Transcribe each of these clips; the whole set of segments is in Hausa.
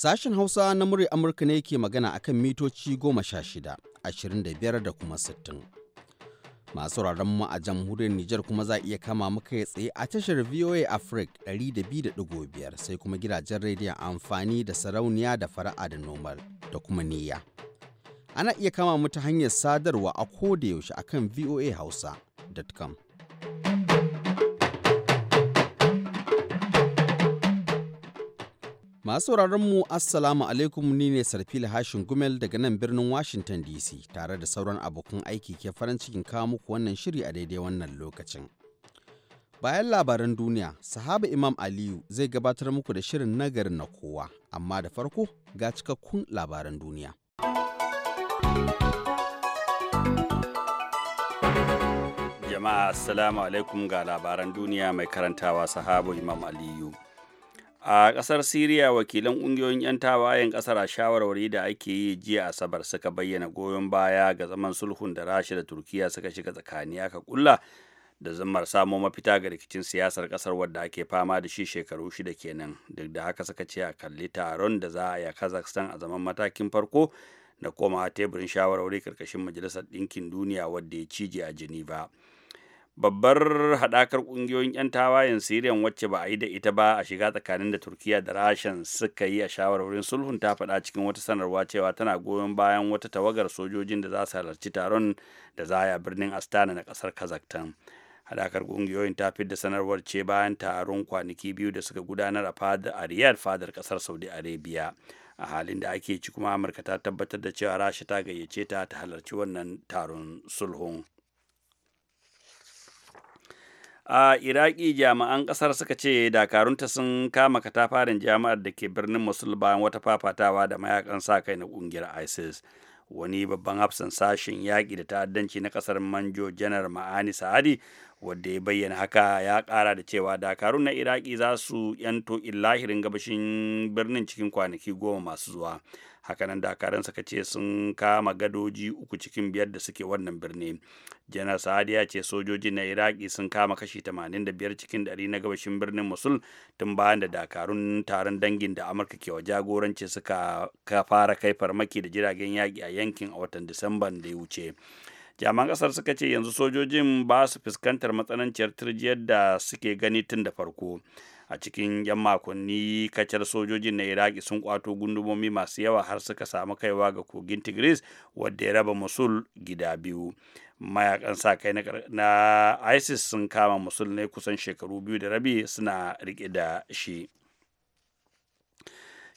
Sashen Hausa na murya Amurka ne ke magana kan mitoci goma sha shida, ashirin da biyar da kuma sittin. Masu sauraron mu a jamhuriyar Nijar kuma za iya kama muka ya tsaye a tashar VOA Africa 200.5 sai kuma gidajen rediyon amfani da sarauniya da fara'a da nomal da kuma niyya. Ana iya kama mu ta hanyar sadarwa a koda yaushe akan Hausa.com. Masu mu Assalamu alaikum ni ne Sarfila Hashin Gumel daga nan birnin Washington DC tare da sauran abokan aiki ke farin cikin kawo muku wannan shiri a daidai wannan lokacin. Bayan labaran duniya, sahaba Imam Aliyu zai gabatar muku da shirin nagarin na kowa, amma da farko ga cikakkun labaran duniya. Jama'a Assalamu alaikum ga labaran duniya mai karantawa sahabu Imam Aliyu. a ƙasar siriya wakilan ƙungiyoyin 'yan tawayen ƙasar a shawarwari da ake yi jiya asabar suka bayyana goyon baya ga zaman sulhun da rasha da turkiya suka shiga tsakani aka kulla da zammar samo mafita ga rikicin siyasar ƙasar wadda ake fama da shi shekaru shida kenan duk da haka suka ce a kalli taron da za a yi a kazakhstan a zaman matakin farko na koma teburin shawarwari karkashin majalisar ɗinkin duniya wadda ya cije a geneva babbar haɗakar ƙungiyoyin 'yan tawayen siriyan wacce ba a yi da ita ba a shiga tsakanin da turkiya da rashan suka yi a shawarwarin sulhun ta faɗa cikin wata sanarwa cewa tana goyon bayan wata tawagar sojojin da za su halarci taron da za a birnin astana na ƙasar kazakhstan hadakar ƙungiyoyin ta da sanarwar ce bayan taron kwanaki biyu da suka gudanar a fadar fadar ƙasar saudi arabia a halin da ake ci kuma amurka ta tabbatar da cewa rasha ta gayyace ta ta halarci wannan taron sulhun a iraki jami'an kasar suka ce dakarunta sun kama katafaren jami'ar da ke birnin musul bayan wata fafatawa da mayakan sa kai na kungiyar isis wani babban hafsan sashen yaƙi da ta'addanci na kasar manjo janar ma'ani sa'adi wadda ya bayyana haka ya ƙara da cewa dakarun na iraki za su yanto illahirin gabashin birnin cikin kwanaki goma masu zuwa hakanan dakaran suka ce sun kama gadoji uku cikin biyar da suke wannan birni janar sa'adi ya ce sojoji na iraki sun kama kashi 85 cikin 100 na gabashin birnin musul tun bayan da dakarun taron dangin da amurka ke wa jagoranci suka fara kai farmaki da jiragen yaƙi a yankin a watan disamban da ya wuce jami'an kasar suka ce yanzu sojojin ba su fuskantar matsananciyar turjiyar da suke gani tun da farko a cikin yan makonni kacar sojojin na iraki sun kwato gundumomi masu yawa har suka samu kaiwa ga kogin tigris wadda ya raba musul gida biyu mayakan sa kai na isis sun kama musul ne kusan shekaru biyu da rabi suna rike da shi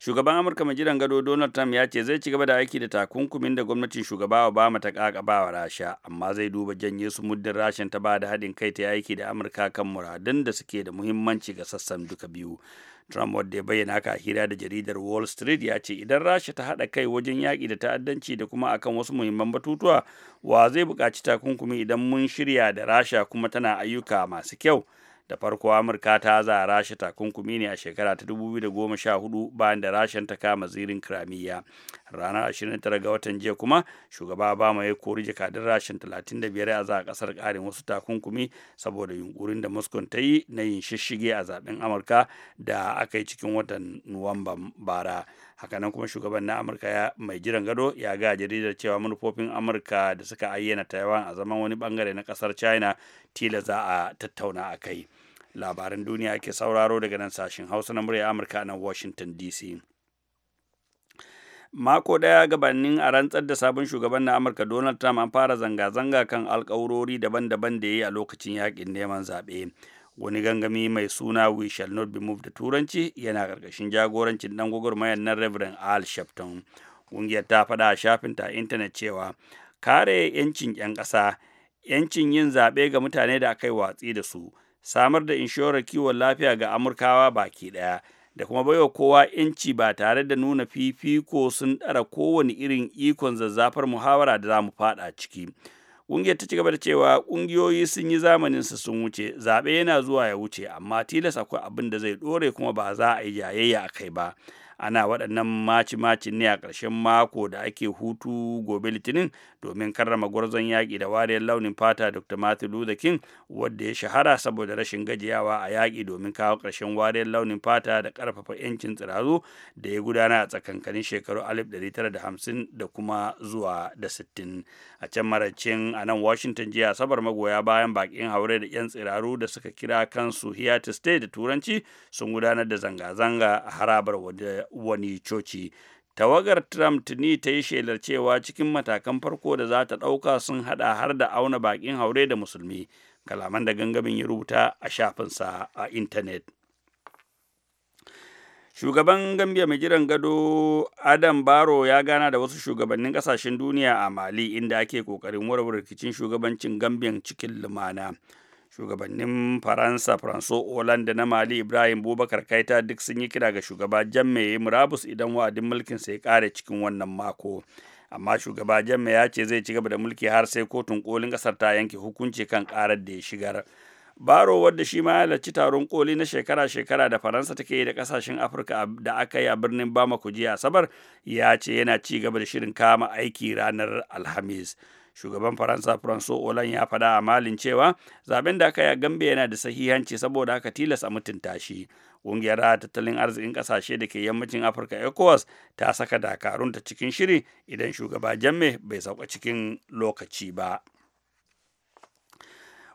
shugaban amurka mai jiran gado donald trump ya ce zai ci gaba da aiki da takunkumin da gwamnatin shugaba obama ta bawa rasha amma zai duba janye su muddin rashin ta ba da haɗin kai ta aiki da amurka kan muradun da suke da muhimmanci ga sassan duka biyu trump wadda ya bayyana haka a hira da jaridar wall street ya ce idan rasha ta haɗa kai wajen yaƙi da ta'addanci da kuma akan wasu muhimman batutuwa wa zai buƙaci takunkumi idan mun shirya da rasha kuma tana ayyuka masu kyau da farko amurka ta za rasha takunkumi ne a shekara ta 2014 bayan da rashen ta kama zirin kramiya ranar 29 ga watan jiya kuma shugaba obama ya kori jakadun rashin 35 a za a kasar karin wasu takunkumi saboda yunkurin da moscow ta yi na yin shishige a zaben amurka da aka yi cikin watan nuwamba bara hakanan kuma shugaban na amurka ya mai jiran gado ya ga jaridar cewa manufofin amurka da suka ayyana taiwan a zaman wani bangare na kasar china tila za a tattauna a kai labaran duniya ke sauraro daga nan sashen hausa na murya amurka na washington dc mako ɗaya gabanin a rantsar da sabon shugaban na amurka donald trump an fara zanga-zanga kan alkawurori daban-daban da ya yi a lokacin yakin neman zaɓe wani gangami mai suna we shall not be moved da turanci yana ƙarƙashin jagorancin dan gwagwarmayar na reverend al shafton ƙungiyar ta faɗa a shafinta a intanet cewa kare 'yancin 'yan ƙasa 'yancin yin zaɓe ga mutane da aka yi watsi da su samar da inshorar kiwon lafiya ga amurkawa baki ɗaya da kuma baiwa kowa ‘yanci ba tare da nuna fifiko sun ɗara kowane irin ikon zazzafar muhawara da za mu faɗa ciki. Ƙungiyar ta ci gaba da cewa ƙungiyoyi sun yi zamanin su sun wuce, zaɓe yana zuwa ya wuce, amma tilas akwai abin da zai ɗore kuma ba za a yi yayayya a kai ba. ana waɗannan maci-macin ne a ƙarshen mako da ake hutu gobe litinin domin karrama gwarzon yaƙi da wariyar launin fata dr matthew luther king wadda ya shahara saboda rashin gajiyawa a yaƙi domin kawo ƙarshen wariyar launin fata da ƙarfafa 'yancin tsirazu da ya gudana a tsakankanin shekaru alif 1950 da kuma zuwa da sittin a can maracin a nan washington jiya asabar magoya bayan baƙin haure da 'yan tsiraru da suka kira kansu hiatus da turanci sun gudanar da zanga-zanga a harabar wani coci tawagar trump tuni ta yi shelar cewa cikin matakan farko da za ta ɗauka sun haɗa har da auna baƙin haure da musulmi kalaman da gangamin ya rubuta a shafinsa a intanet shugaban gambia mai jiran gado adam baro ya gana da wasu shugabannin kasashen duniya a mali inda ake kokarin warware rikicin shugabancin gambiyan cikin lumana shugabannin faransa franco hollande na mali ibrahim bubakar kaita duk sun yi kira ga shugaba jamme ya yi murabus idan wa'adin mulkin ya kare cikin wannan mako amma shugaba jamme ya ce zai ci gaba da mulki har sai kotun kolin kasar ta yanke hukunci kan karar da ya shigar baro wadda shi ma ya halarci taron koli na shekara-shekara da faransa take yi da kasashen afirka da aka yi a birnin bamako jiya asabar ya ce yana ci gaba da shirin kama aiki ranar alhamis shugaban faransa franco olan ya faɗa a malin cewa zaben da aka yi a Gambe yana da sahihanci saboda aka tilasta mutunta shi ƙungiyar tattalin arzikin ƙasashe da ke yammacin afirka ecowas ta saka dakarunta cikin shiri idan shugaba jamme bai sauka cikin lokaci ba.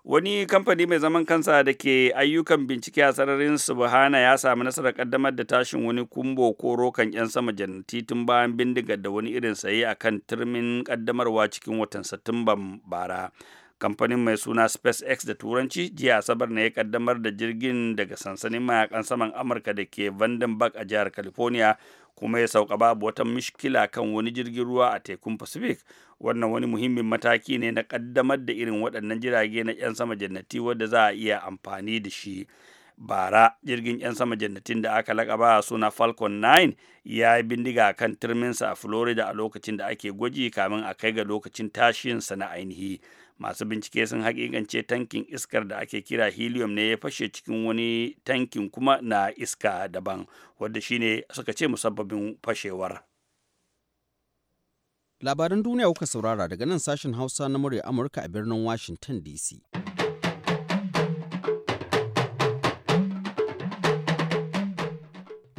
wani kamfani mai zaman kansa da ke ayyukan bincike a sararin subhana ya sami nasarar kaddamar da tashin wani kumbo ko rokan 'yan sama jannati tun bayan bindigar da wani irin saye a kan turmin kaddamarwa cikin watan satumban bara kamfanin mai suna spacex da turanci jiya asabar na ya kaddamar da jirgin daga sansanin mayakan saman amurka da ke vandenberg a jihar california kuma ya sauka babu wata mishkila kan wani jirgin ruwa a tekun pacific wannan wani muhimmin mataki ne na kaddamar da irin waɗannan jirage na 'yan sama jannati wadda za a iya amfani da shi bara jirgin 'yan sama jannatin da aka lakaba suna falcon 9 ya yi bindiga kan turminsa a florida a lokacin da ake gwaji kamin a kai ga lokacin tashinsa na ainihi masu bincike sun hakikance tankin iskar da ake kira helium ne ya fashe cikin wani tankin kuma na iska daban wadda shine suka ce musabbabin fashewar labaran duniya kuka saurara daga nan sashen hausa na murya amurka a birnin washington dc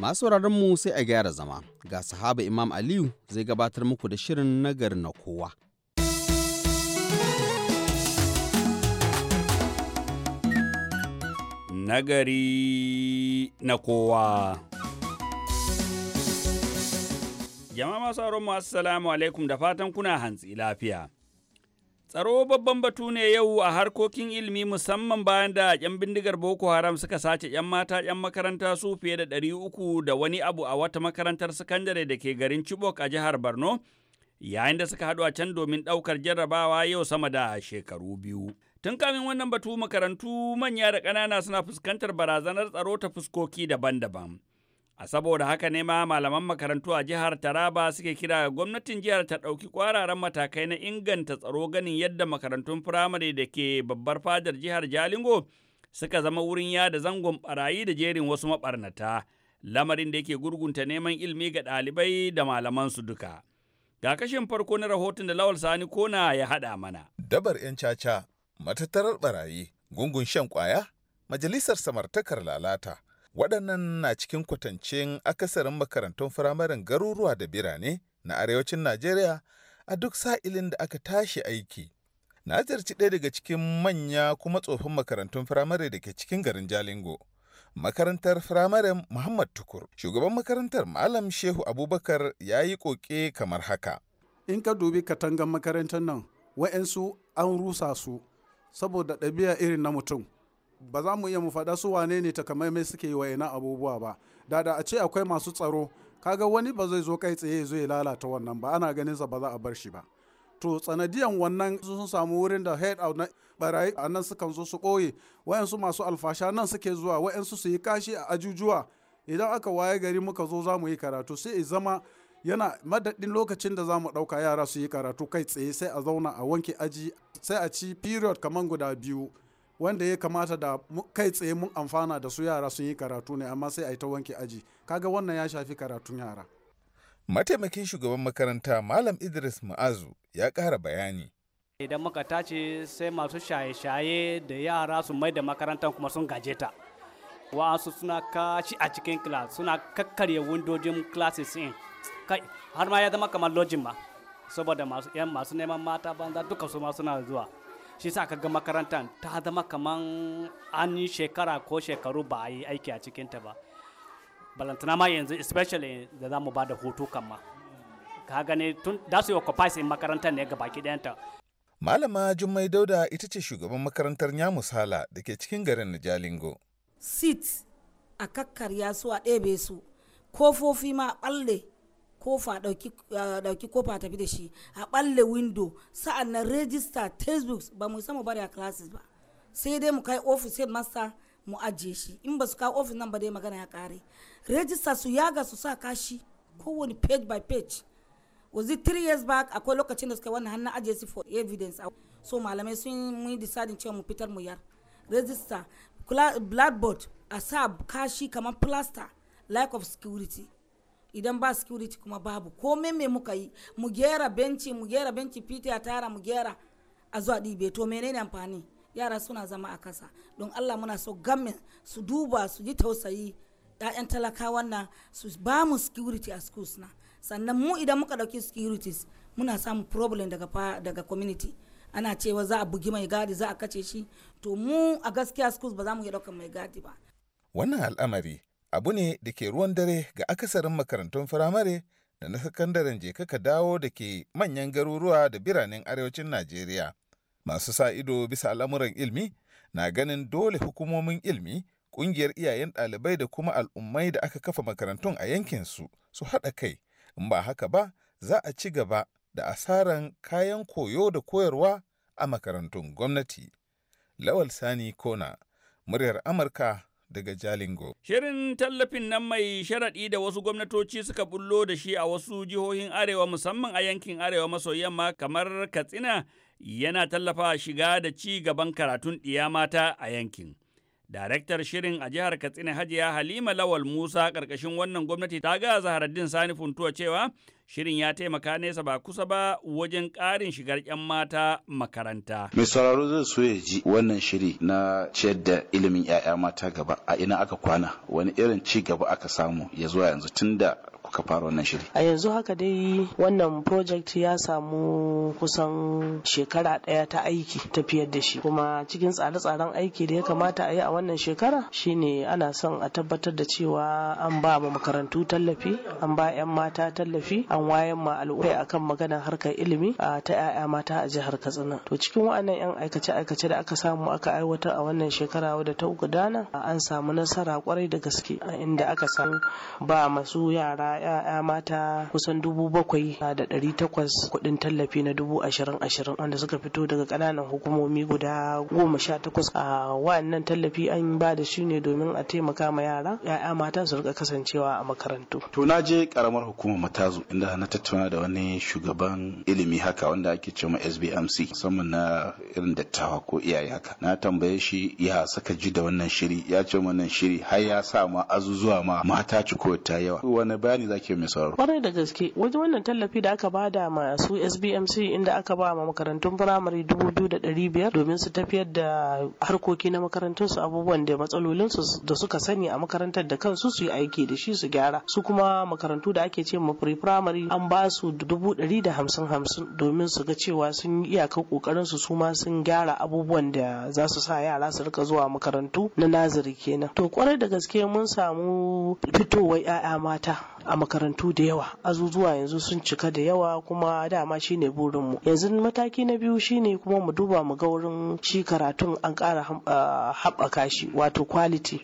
masu mu sai a gyara zama ga sahaba imam aliyu zai gabatar muku da shirin nagar na kowa nagari na kowa. Jama'a masu mu assalamu alaikum da fatan kuna hantsi lafiya. Tsaro babban batu ne yau a harkokin ilimi musamman bayan da 'yan bindigar Boko Haram suka sace 'yan mata 'yan makaranta su fiye da ɗari uku da wani abu a wata makarantar sakandare da ke garin Chibok a jihar Borno, yayin da suka haɗu a can domin ɗaukar jarrabawa yau sama da shekaru biyu. Tun kamin wannan batu makarantu manya da ƙanana suna fuskantar barazanar tsaro ta fuskoki daban-daban. A saboda haka ne ma malaman makarantu a jihar Taraba suke kira ga gwamnatin jihar ta ɗauki ƙwararren matakai na inganta tsaro ganin yadda makarantun firamare da ke babbar fadar jihar Jalingo suka zama wurin yada zangon barayi da jerin wasu maɓarnata, lamarin da yake gurgunta neman ilimi ga ɗalibai da malamansu duka. Ga kashin farko na rahoton da Lawal Sani Kona ya haɗa mana. Dabar 'yan caca matattarar ɓarayi, gungun shan ƙwaya, majalisar samartakar lalata waɗannan na cikin kwatancin akasarin makarantun firamaren garuruwa da birane na arewacin najeriya a duk sa'ilin da aka tashi aiki na ziyarci ɗaya daga cikin manya kuma tsofin makarantun firamare da ke cikin garin jalingo makarantar firamaren muhammad tukur shugaban makarantar malam shehu abubakar ya yi koke kamar haka in ka dubi katangan makarantar nan wa'yansu an rusa su saboda ɗabi'a irin na mutum ba za mu iya mu faɗa su wane ne takamaimai suke yi wa ina abubuwa ba da da a ce akwai masu tsaro kaga wani ba zai zo kai tsaye zai lalata wannan ba ana ganin sa ba za a bar shi ba to sanadiyan wannan sun samu wurin da head out na barayi a nan sukan zo su ɓoye wayansu masu alfasha nan suke zuwa wayansu su yi kashi a ajujuwa idan aka waye gari muka zo za mu yi karatu sai zama yana madadin lokacin da zamu mu ɗauka yara su yi karatu kai tsaye sai a zauna a wanke aji sai a ci period kamar guda biyu wanda ya kamata da kai tsaye mun amfana da su yara sun yi karatu ne amma sai a yi ta wanke aji kaga wannan ya shafi karatun yara mataimakin shugaban makaranta malam idris ma'azu ya kara bayani idan muka tace sai masu shaye-shaye da yara su mai da makarantar kuma sun gaje ta wa'ansu suna kashi a cikin class suna kakkarya windojin classes in kai har ma ya zama kamar lojin ma saboda masu yan masu neman mata banza duka su ma suna zuwa shi sa ka ga makarantar ta zama kamar an yi shekara ko shekaru ba a yi aiki a cikinta ba balantana ma yanzu especially da za mu ba da hutu kan ma ka gane tun da su yi in makarantar ne ga baki ɗayanta Malama Jummai Dauda ita ce shugaban makarantar hala da ke cikin garin Nijalingo. Sit a kakkarya su a ɗebe su, kofofi ma ɓalle kofa dauki kofa tafi da shi a balle window sa'an nan register textbook ba mu samu bari a classes ba sai dai mu kai office sai master mu ajiye shi in ba su kawo office nan ba dai magana ya kare register su yaga su sa kashi kowane page by page was it three years back akwai lokacin da suka wannan hannun ajiye su for evidence so malamai sun mun deciding cewa mu fitar mu yar register blackboard a sa kashi kamar plaster lack of security idan ba security kuma babu komai me muka yi mu gera benci mu gera benci fiti a tara mu gera a zuwa ɗibe to menene amfani yara suna zama a kasa don allah muna so gamin su duba su ji tausayi 'ya'yan talaka wannan su ba mu security a schools na sannan mu idan muka ɗauki securities muna samun problem daga daga community ana cewa za a bugi mai gadi za a kace shi to mu a gaskiya schools ba za mu iya ɗaukar mai gadi ba wannan al'amari abu ne da ke ruwan dare ga akasarin makarantun firamare da na sakandaren je ka dawo da ke manyan garuruwa da biranen arewacin Najeriya. Masu sa ido bisa al'amuran ilmi na ganin dole hukumomin ilmi, ƙungiyar iyayen ɗalibai da kuma al'ummai da aka kafa makarantun a yankinsu su haɗa kai, in ba haka ba za a ci gaba da asaran kayan koyo da koyarwa a makarantun gwamnati. Lawal Sani Kona, muryar Amurka daga Jalingo. Shirin tallafin nan mai sharaɗi da wasu gwamnatoci suka bullo da shi a wasu jihohin Arewa musamman a yankin Arewa maso yamma kamar Katsina yana tallafa shiga da ci gaban karatun ɗiya mata a yankin. Daraktar shirin a jihar Katsina Hajiya Halima Lawal Musa ƙarƙashin wannan gwamnati ta ga Zaharaddin Sani Funtuwa cewa Shirin ya taimaka nesa ba kusa ba wajen ƙarin shigar 'yan mata makaranta. Mai sauraro zai so ya ji wannan shiri na ciyar da ilimin 'ya'ya mata gaba a ina aka kwana wani irin ci gaba aka samu ya zuwa yanzu tun da kuka fara wannan shiri? A yanzu haka dai wannan project ya samu kusan shekara ɗaya ta aiki tafiyar da shi kuma cikin tsare-tsaren aiki da ya kamata a yi a wannan shekara shine ana son a tabbatar da cewa an ba ma makarantu tallafi an ba 'yan mata tallafi an wayan ma al'umma akan maganar harkar ilimi a ta 'ya'ya mata a jihar Katsina to cikin wa'annan 'yan aikace-aikace da aka samu aka aiwatar a wannan shekara wadda ta gudana an samu nasara kwarai da gaske A inda aka samu ba masu yara 'ya'ya mata kusan dubu bakwai da ɗari takwas kuɗin tallafi na dubu ashirin ashirin wanda suka fito daga ƙananan hukumomi guda goma sha takwas a wa'annan tallafi an ba da shi ne domin a taimaka ma yara 'ya'ya mata su rika kasancewa a makarantu. to na je ƙaramar hukumar matazu inda alhamdulillah na tattauna da wani shugaban ilimi haka wanda ake ce ma SBMC musamman na irin dattawa ko iyaye haka na tambaye shi ya saka ji da wannan shiri ya ce wannan shiri har ya sa ma azuzuwa ma mata ci ko ta yawa wani bayani zake mai sauraro kwarai da gaske wajen wannan tallafi da aka bada masu SBMC inda aka ba ma makarantun firamare dubu biyu da ɗari biyar domin su tafiyar da harkoki na makarantun su abubuwan da matsalolin su da suka sani a makarantar da kansu su yi aiki da shi su gyara su kuma makarantu da ake ce ma pre kokari an ba su dubu ɗari da hamsin hamsin domin su ga cewa sun yi iyakar kokarin su suma sun gyara abubuwan da za su sa yara su rika zuwa makarantu na naziri kenan to kwarai da gaske mun samu fitowar 'ya'ya mata a makarantu da yawa azuzuwa yanzu sun cika da yawa kuma dama shine burin mu. yanzu mataki na biyu shine kuma mu duba mu ga wurin shi karatun an ƙara haɓaka shi wato quality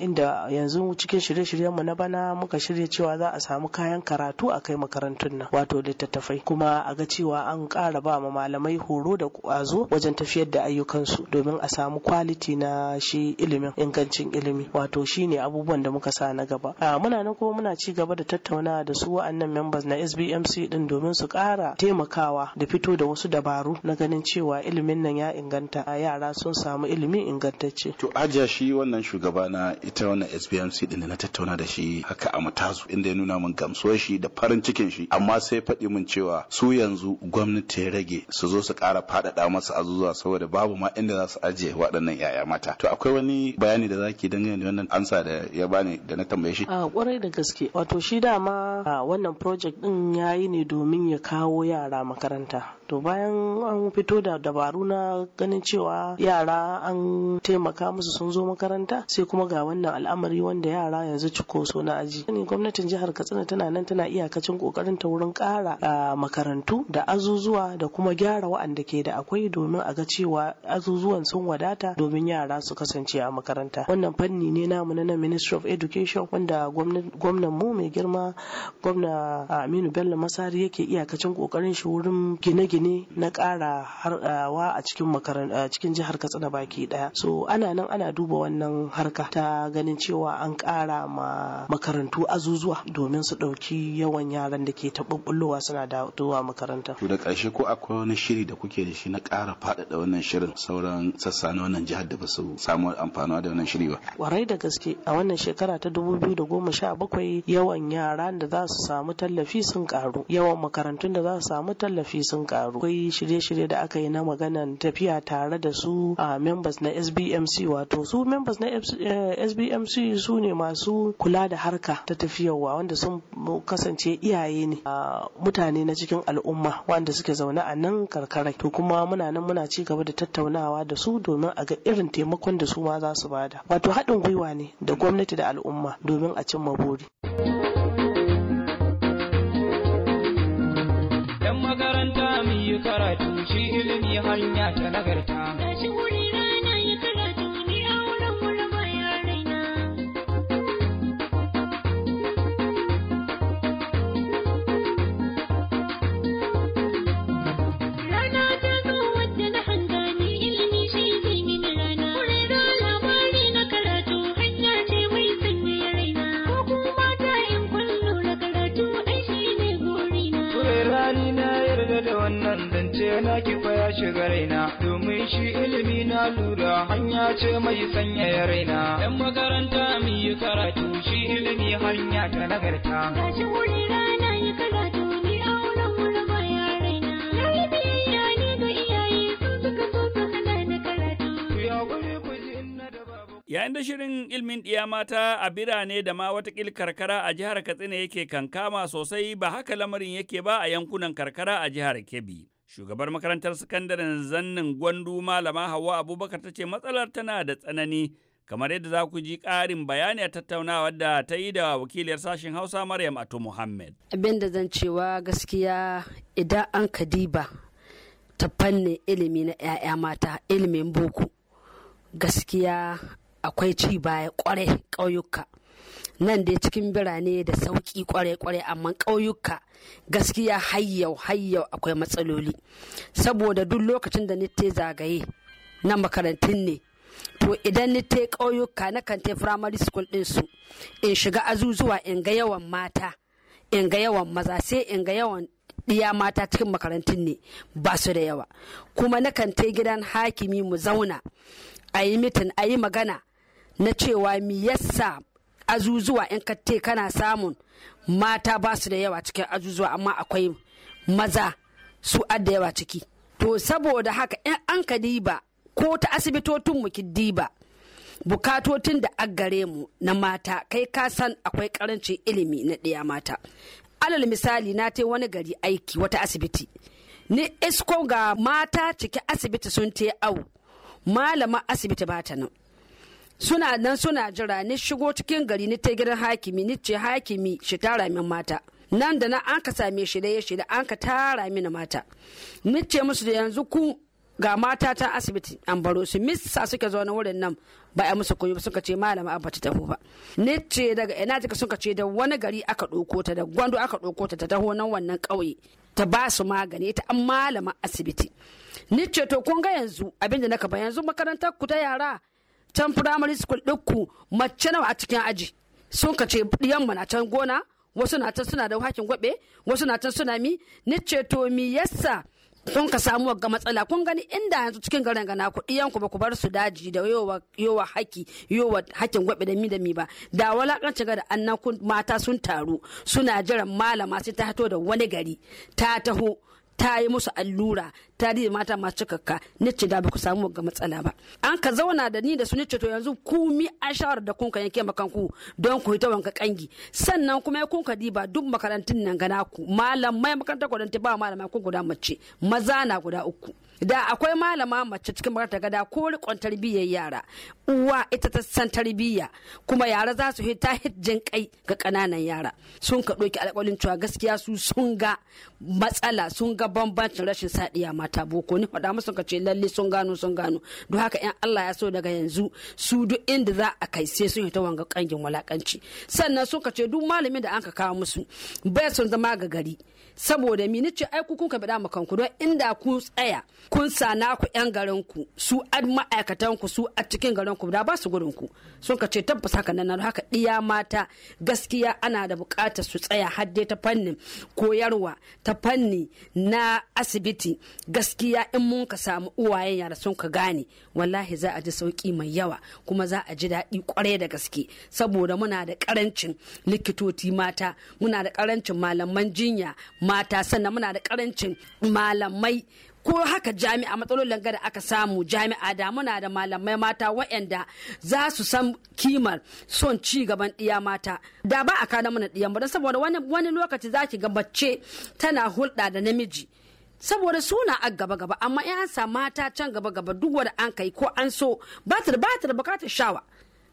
inda yanzu cikin shirye-shiryenmu na bana muka shirya cewa za a samu kayan karatu a kai makarantun nan wato littattafai kuma a ga cewa an ƙara ba malamai horo da ƙwazo wajen tafiyar da ayyukansu domin a samu kwaliti na shi ilimin ingancin ilimi wato shine abubuwan da muka sa na gaba a muna nan kuma muna ci gaba da tattauna da su wa'annan members na SBMC din domin su ƙara taimakawa da fito da wasu dabaru na ganin cewa ilimin nan ya inganta a yara sun samu ilimi ingantacce to ajiya shi wannan shugaba na ita wannan SBMC din na tattauna da shi haka a matazu inda ya nuna min gamsuwar shi da farin ciki aikin shi amma sai faɗi min cewa su yanzu gwamnati ya rage su zo su ƙara faɗaɗa masa azuzuwa saboda babu ma inda za su ajiye waɗannan yaya mata to akwai wani bayani da zaki dangane da wannan ansa da ya bani da na tambaye shi a kwarai da gaske wato shi dama wannan project din yayi ne domin ya kawo yara makaranta to bayan an fito da dabaru na ganin cewa yara an taimaka musu sun zo makaranta sai kuma ga wannan al'amari wanda yara yanzu so na aji ne gwamnatin jihar katsina tana nan tana iyakacin kokarin ta wurin kara makarantu da azuzuwa da kuma gyara wa'anda ke da akwai domin a ga cewa azuzuwan sun wadata domin yara su kasance a makaranta wannan fanni ne namu na ministry of education wanda gwamnan mu mai girma gwamna aminu bello masari yake iyakacin kokarin shi wurin gine-gine ne na ƙara harwa a cikin cikin jihar Katsina baki daya. So ana nan ana duba wannan harka ta ganin cewa an ƙara ma makarantu azuzuwa domin su ɗauki yawan yaran da ke taɓuɓɓullowa suna dawowa makaranta. To da ƙarshe ko akwai wani shiri da kuke da shi na ƙara faɗaɗa wannan shirin sauran sassa na wannan jihar da ba su samu amfanuwa da wannan shiri ba. Warai da gaske a wannan shekara ta dubu biyu da goma sha bakwai yawan yaran da za su samu tallafi sun ƙaru yawan makarantun da za su samu tallafi sun ƙaru. akwai shirye-shirye da aka yi na maganan tafiya tare da su a members na SBMC wato su members na SBMC eh, su ne masu kula da harka ta tafiyarwa wanda sun kasance iyaye ne a mutane na cikin al'umma wanda suke zaune a nan karkarai to kuma muna nan muna ci gaba da tattaunawa da su domin a ga irin taimakon da su ma za su bada wato haɗin gwiwa ne da gwamnati da al'umma domin a cimma buri. yi karatu shi ilimi hanya ta nagarta. raina domin shi ilimi na lura hanya ce mai sanyaya raina dan makaranta mu yi karatu shi ilimi hanya ta nagarta Yayin da shirin ilmin ɗiya mata a birane da ma watakil karkara a jihar Katsina yake kankama sosai ba haka lamarin yake ba a yankunan karkara a jihar Kebbi. Shugabar makarantar sakandaren zannin gwandu malama Hauwa Abubakar ta ce matsalar tana da tsanani kamar yadda za ku ji karin bayani a tattaunawar da ta yi da wakiliyar sashen Hausa Maryam Atu Muhammad. Abin da zan cewa gaskiya idan an ka kadiba ta fannin ilimi na 'ya'ya mata ilimin boko gaskiya akwai ci baya kwarai ƙauyuka nan dai cikin birane da sauƙi kwarai-kwarai amma ƙauyuka gaskiya hayyau hayyau akwai matsaloli saboda duk lokacin da nite zagaye na makarantun ne to idan nite ƙauyuka na kan te firamare school su in shiga azuzuwa in ga yawan mata in ga yawan maza sai in ga yawan ɗiya mata cikin makarantun ne ba su da yawa kuma na kan gidan hakimi mu zauna a yi mitin a yi magana na cewa mi yasa azuzuwa in katte kana samun mata ba su da yawa cikin azuzuwa amma akwai maza su adda yawa ciki to saboda haka in an ka diba ko ta asibitotin mu ki diba bukatotin da gare mu na mata kai ka san akwai karancin ilimi na ɗaya mata alal misali na ta wani gari aiki wata asibiti ni isko ga mata ciki asibiti sun te au malama asibiti ba ta nan suna nan suna jira ni shigo cikin gari ni ta gidan hakimi ni ce hakimi shi tara min mata nan da nan an ka same shi da ya shi da an ka tara min mata ni ce musu da yanzu ku ga mata ta asibiti an baro su missa suke zo na wurin nan ba a musu kuyi suka ce malama abba ta taho ba ni ce daga ina jika suka ce da wani gari aka ɗauko ta da gwando aka ɗauko ta ta taho nan wannan kauye ta ba su magani ta an malama asibiti ni ce to kun ga yanzu abinda naka ba yanzu makarantar ku ta yara can primary school ɗinku mace nawa a cikin aji sun ka ce ɗiyanmu na can gona wasu na can suna da hakin gwabe wasu na can suna mi ni ce to mi yasa sun ka samu ga matsala kun gani inda yanzu cikin garin gana ku iyanku ba ku bar su daji da yowa yowa haki yowa hakin gwabe da mi da mi ba da walakanci ga da annan mata sun taru suna jiran malama sai ta hato da wani gari ta taho ta yi musu allura tarihi mata masu cikakka ni ce da ba samu ga matsala ba an ka zauna da ni da su ni to yanzu ku mi a shawar da kun yanke makan ku don ku hita wanka kangi sannan kuma ya kun ka diba duk makarantun nan gana ku malamai makarantar kwadanta ba malamai kun guda mace maza na guda uku da akwai malama mace cikin makaranta gada ko rikon tarbiyyar yara uwa ita ta san tarbiyya kuma yara za su ta hijjin kai ga kananan yara sun ka ɗauki alƙalin cewa gaskiya su sun ga matsala sun ga bambancin rashin sadiya mata ta boko ni faɗa musu ka ce lalle sun gano sun gano don haka yan Allah ya so daga yanzu su duk inda za a kai sai sun hita wanga kangin walakanci sannan sun ka ce duk malamin da an ka kawo musu bai sun zama ga gari saboda mi ni ce ai ku kun ka bada kanku don inda ku tsaya kun sana ku yan garin ku su ad ma'aikatan ku su a cikin garin ku da ba su gurin ku sun ka ce tabbas haka nan haka iya mata gaskiya ana da bukatar su tsaya har dai ta fannin koyarwa ta fanni na asibiti gaskiya in mun ka samu uwayen yara sun ka gane wallahi za a ji sauki mai yawa kuma za a ji daɗi kwarai da gaske saboda muna da karancin likitoci mata muna da karancin malaman jinya mata sannan muna da karancin malamai ko haka jami'a matsalolin da aka samu jami'a da muna da malamai mata waɗanda za su san kimar son ci gaban ɗiya mata da ba a kana mana ɗiyan ba saboda wani lokaci za ki ga bacce tana hulɗa da namiji saboda suna a gaba gaba amma in sa mata can gaba gaba duk wanda an kai ko an so ba ta ba ta bukata shawa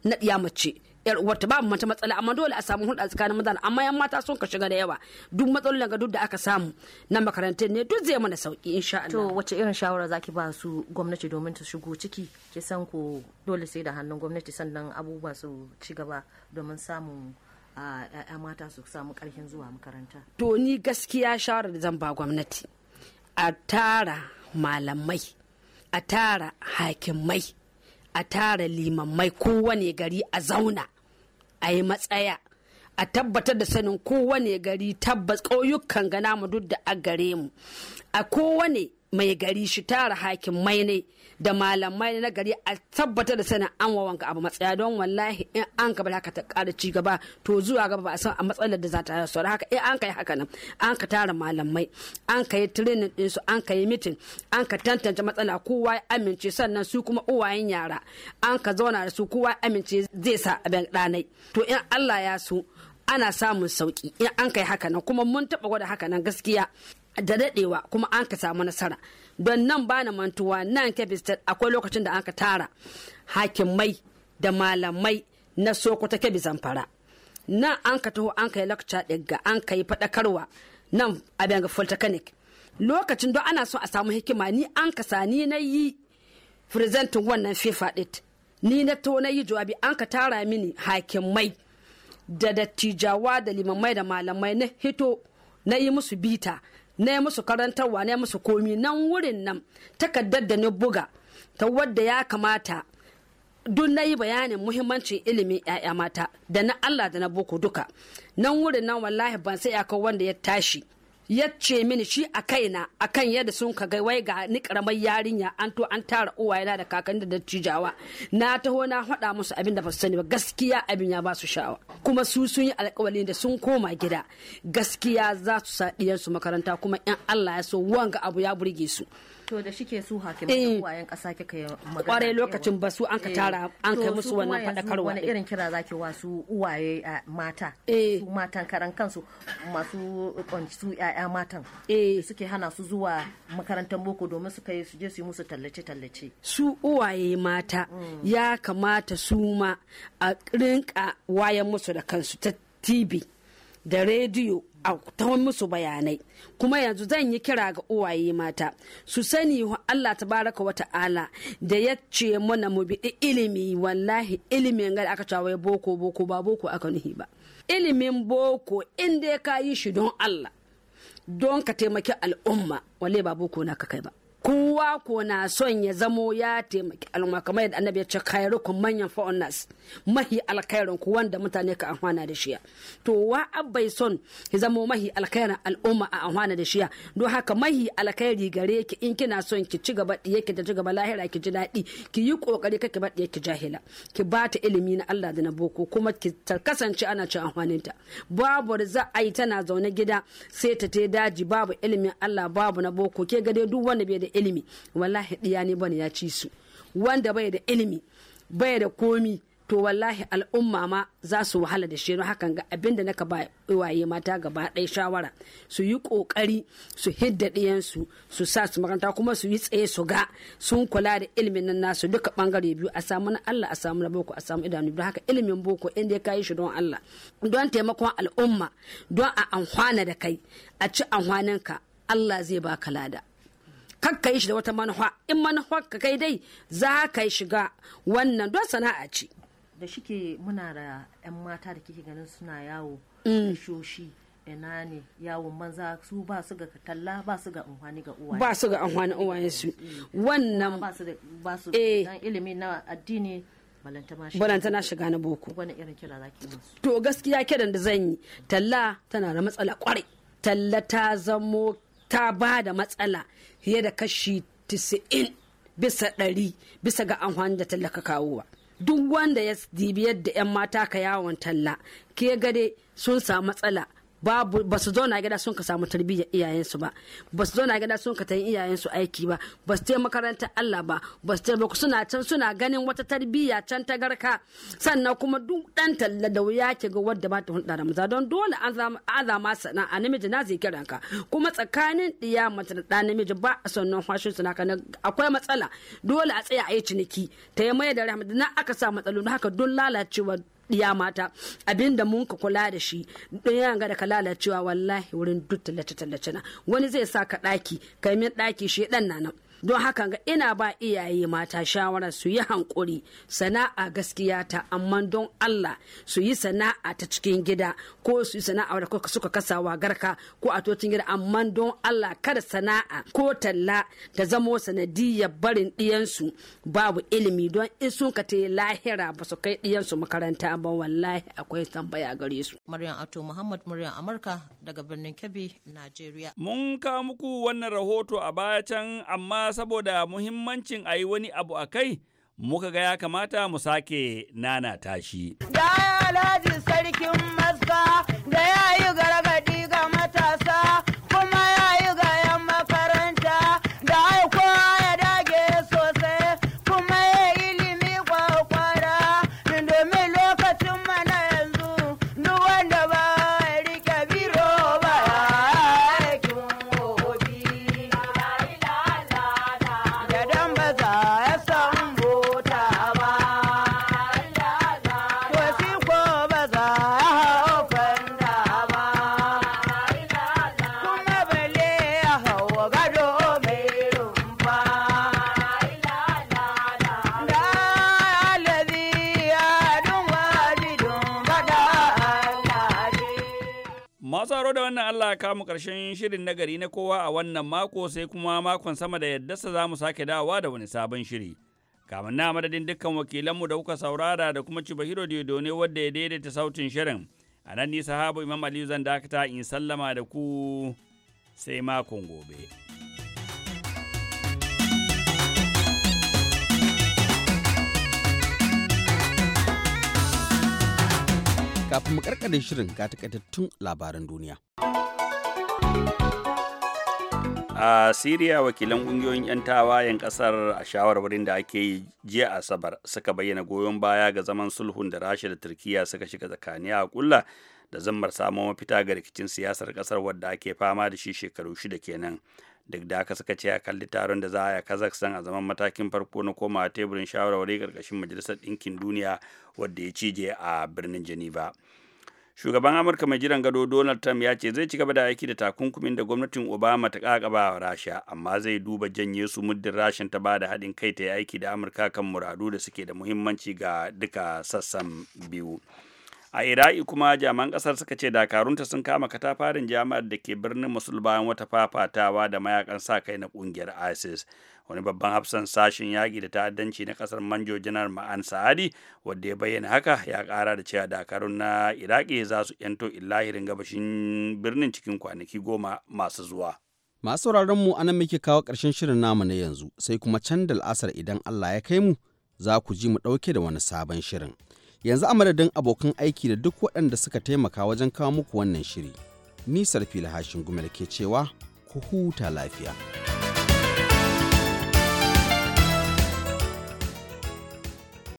na diya mace yar uwarta babu mata matsala amma dole a samu hulɗa tsakanin maza amma yan mata sun ka shiga da yawa duk matsalolin ga duk da aka samu na makarantar ne duk zai mana sauki insha Allah to wace irin shawara zaki ba su gwamnati domin ta shigo ciki ki san ko dole sai da hannun gwamnati sannan abubuwa su ci gaba domin samun ah, a mata su samu karfin zuwa makaranta to ni gaskiya shawara da zan ba gwamnati a tara malamai a tara hakimai a tara limammai kowane gari a zauna a yi matsaya a tabbatar da sanin kowane gari tabbas ƙauyukan gana mu duk da a gare mu a kowane mai gari shi tara hakin mai ne da malamai na gari a tabbatar da sanin an wa wanka abu matsaya don wallahi in an ka haka ta ƙara ci gaba to zuwa gaba ba a san a matsalar da za ta rasu haka in an kai haka nan an ka tara malamai an ka yi training din su an ka yi meeting an ka tantance matsala kowa ya amince sannan su kuma uwayen yara an ka zauna da su kowa ya amince zai sa abin ɗanai to in Allah ya so ana samun sauki in an kai haka nan kuma mun taba gwada haka nan gaskiya da daɗewa kuma an ka samu nasara don nan ba na mantuwa nan kebbi akwai lokacin da an ka tara hakimai da malamai na sokoto kebi zamfara nan an ka taho an ka yi lakca ɗigga an ka yi faɗakarwa nan a benga fultakanik lokacin don ana so a samu hikima ni an ka sa ni na yi firizantin wannan fifa ɗit ni na to na yi jawabi an ka tara mini hakimai da dattijawa da limamai da malamai na hito na yi musu bita na musu karantarwa na musu komi nan wurin nan takardar da ni buga ta wadda ya kamata duk na yi bayanin muhimmancin ilimin 'ya'ya mata da na Allah da na boko duka nan wurin nan wallahi ban sai ya wanda ya tashi ya ce mini shi a kaina akan yadda sun ka ga wai ga ni karamar yarinya an to an tara uwayena da kakanni da dattijawa na taho na faɗa musu abin da ba sani ba gaskiya abin ya basu su sha'awa kuma su sun yi alƙawari da sun koma gida gaskiya za su sa su makaranta kuma in Allah ya so wanga abu ya burge su to da shike su hakimai eh, uwayen kasa kika yi magana kwarai lokacin ba su an ka tara eh, an kai musu wannan fadakarwa wani irin kira zaki wa su uwaye mata eh. su matan karan kansu masu su yaya matan suke hana su zuwa makarantar boko domin su kai su je su yi musu tallace tallace su uwaye mata mm. ya kamata su ma a rinka wayan musu da kansu ta tv da rediyo a tawon musu bayanai kuma yanzu zan yi kira ga uwaye mata su sani Allah ta baraka wa ta'ala da ya ce mana mu biɗi ilimi wallahi ilimin gari aka cewa boko boko ba boko aka nuhi ba ilimin boko inda ya kayi shi don Allah don ka taimaki al'umma wallahi ba boko na ka kai ba kowa ko na son ya zamo ya taimaki al'umma kamar yadda annabi ya ce khairukum manyan fa'onnas mahi alkhairin ku wanda mutane ka amfana da shi to wa abbai son ya zamo mahi alkhairin al'umma a amfana da shi don haka mahi alkhairi gare ki in kina son ki ci gaba yake da ci gaba lahira ki ji daɗi ki yi kokari kake ba ki jahila ki ba ta ilimi na Allah da na boko kuma ki kasance ana cin amfaninta babu za a yi tana zaune gida sai ta te daji babu ilimin Allah babu na boko ke gade duk wanda bai da ilimi wallahi ɗiya ne bane ya ci su wanda bai da ilimi bai da komi to wallahi al'umma ma za su wahala da shirin hakan ga abin da naka ba waye mata gaba ɗaya shawara su yi ƙoƙari su hidda ɗiyansu su sa su makaranta kuma su yi tsaye su ga sun kula da ilimin nan nasu duka bangare biyu a samu na Allah a samu na boko a samu idanu biyu haka ilimin boko inda ya kayi shi don Allah don taimakon al'umma don a amfana da kai a ci amfaninka Allah zai baka lada. kakka yi shi da wata manufa in manufa ka kai dai za ka shiga wannan don sana'a ce da shike muna da 'yan mata da kike ganin suna yawo mm. shoshi ina ne yawon maza su ba su ga talla ba su ga amfani ga uwaye ba su ga amfani uwaye su mm. wannan ba su ba su eh. dan ilimi na addini balanta na shiga na boko wani irin kira zaki musu to gaskiya kiran da zan yi talla tana da matsala kwarai talla ta zamo ta ba da matsala fiye da kashi 90 bisa ɗari bisa ga amfani da tallaka kawowa duk wanda ya dibi yadda 'yan mata ka yawon talla ke gade sun samu matsala babu ba su zauna gida sun ka samu tarbiyya iyayensu ba ba su zauna gida sun ka tayi iyayensu aiki ba ba su taimaka makarantar Allah ba ba su taimaka suna can suna ganin wata tarbiyya can ta garka sannan kuma duk dan talla da wuya ke ga wadda ba ta hulɗa da maza don dole an zama a namiji na zai kiran ka kuma tsakanin diya mace da namiji ba a sannan fashin suna kana akwai matsala dole a tsaya a yi ciniki ta yi mai da rahama na aka sa matsaloli haka don lalacewa ɗiya mata abinda mun ka kula da shi ɗaya ga da ka lalacewa wallahi wurin duk tallace-tallace na wani zai sa ka ɗaki kai min ɗaki shi ɗan na nan don haka ga ina ba iyaye mata shawarar su yi hankuri sana'a gaskiya ta amma don Allah su yi sana'a ta cikin gida ko su yi sana'a da suka wa garka ko a tocin gida amma don Allah kada sana'a ko talla ta zamo sanadiyar barin ɗiyansu babu ilimi don in sun ka ta lahira ba su kai ɗiyansu makaranta ba wallahi akwai tambaya gare su. Maryam Ato Muhammad Maryam Amurka daga birnin Kebbi, Najeriya. Mun ka muku wannan rahoto a baya can amma kuma saboda muhimmancin a yi wani abu a kai muka ga ya kamata mu sake nana tashi. Da alhaji sarkin maska da yayi Allah ka karshen ƙarshen shirin nagari na kowa a wannan mako sai kuma makon sama da yarda za mu sake dawa da wani sabon shiri. Kamun na madadin dukkan wakilanmu da kuka saurara da kuma Cibahiro ne wadda ya daidaita sautin shirin. A nan ni sahabu Imam Aliyu zan dakata in sallama da ku sai makon gobe. kafin mu karkare shirin ga takaitattun labaran duniya. a siriya wakilan kungiyoyin 'yan tawayen kasar a shawarwarin da ake yi jiya asabar suka bayyana goyon baya ga zaman sulhun da rasha da turkiya suka shiga tsakani a kulla da zammar samo mafita ga rikicin siyasar kasar wadda ake fama da shi shekaru shida kenan duk da haka suka ce a kalli taron da za a yi a kazakhstan a zaman matakin farko na komawa teburin shawarwari karkashin majalisar ɗinkin duniya wadda ya cije a birnin geneva shugaban amurka mai jiran gado donald trump ya ce zai ci gaba da aiki da takunkumin da gwamnatin obama ta kakaba wa rasha amma zai duba janye su muddin rashin ta bada haɗin kai ta yi aiki da amurka kan muradu da suke da muhimmanci ga duka sassan biyu a iraki kuma jami'an kasar suka ce dakarunta sun kama katafarin jami'ar da ke birnin musul bayan wata fafatawa da mayakan sa kai na kungiyar isis wani babban hafsan sashen yaƙi da ta'addanci na ƙasar manjo janar ma'an sa'adi wadda ya bayyana haka ya ƙara da cewa dakarun na iraki za su yanto illahirin gabashin birnin cikin kwanaki goma masu zuwa masu sauraron mu anan muke kawo ƙarshen shirin namu na yanzu sai kuma can da al'asar idan allah ya kai mu za ku ji mu ɗauke da wani sabon shirin yanzu a madadin abokan aiki da duk waɗanda suka taimaka wajen kawo muku wannan shiri nisar sarfi hashin gumel ke cewa ku huta lafiya.